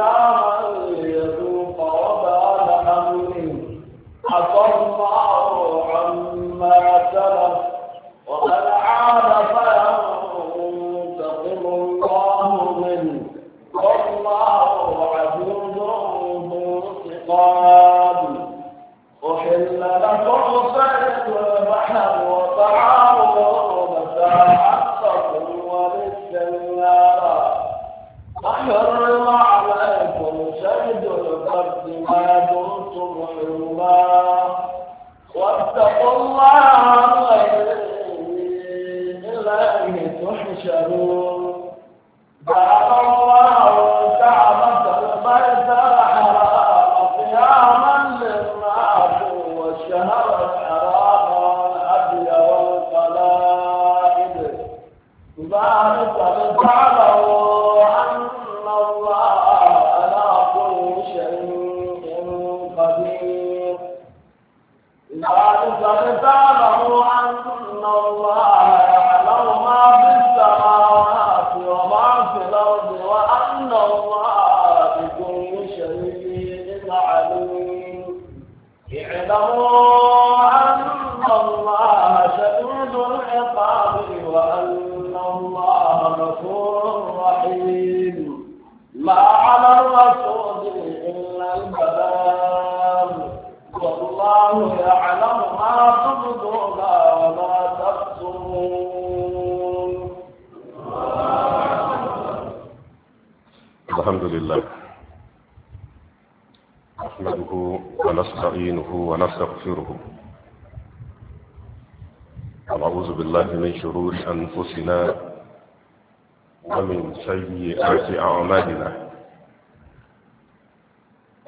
غلاما ذو قربى لأمر أصلى الله إليه تحشرون جعل الله الكعبة البيت الحرام قياما للناس والشهر الحرام والهدي والقلائد ذلك لتعلموا أن ذلك لتعلموا أن الله يعلم ما في السماوات وما في الأرض وأن الله بكل شيء عليم اعلموا أن الله شديد العقاب وأن الله غفور رحيم ما على الرسول إلا البلاغ الله يعلم ما تبدون وما تكتمون الحمد لله نحمده ونستعينه ونستغفره ونعوذ بالله من شرور أنفسنا ومن سيئات أعمالنا